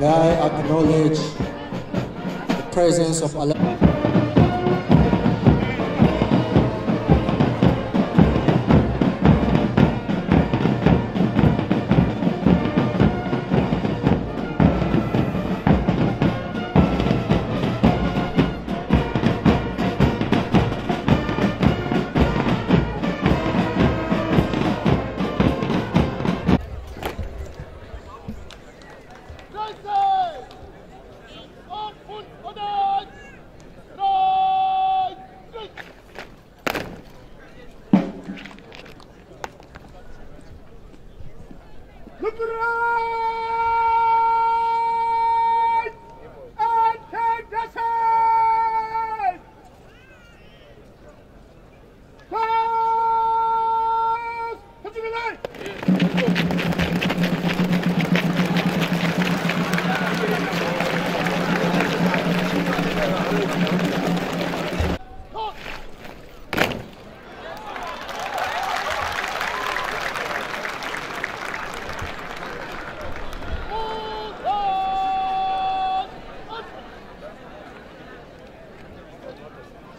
May I acknowledge the presence of Allah. Look around!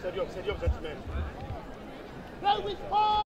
Seviyorum, seviyorum gentlemen. Go with Paul!